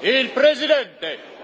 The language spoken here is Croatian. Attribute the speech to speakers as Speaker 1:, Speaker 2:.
Speaker 1: Il Presidente!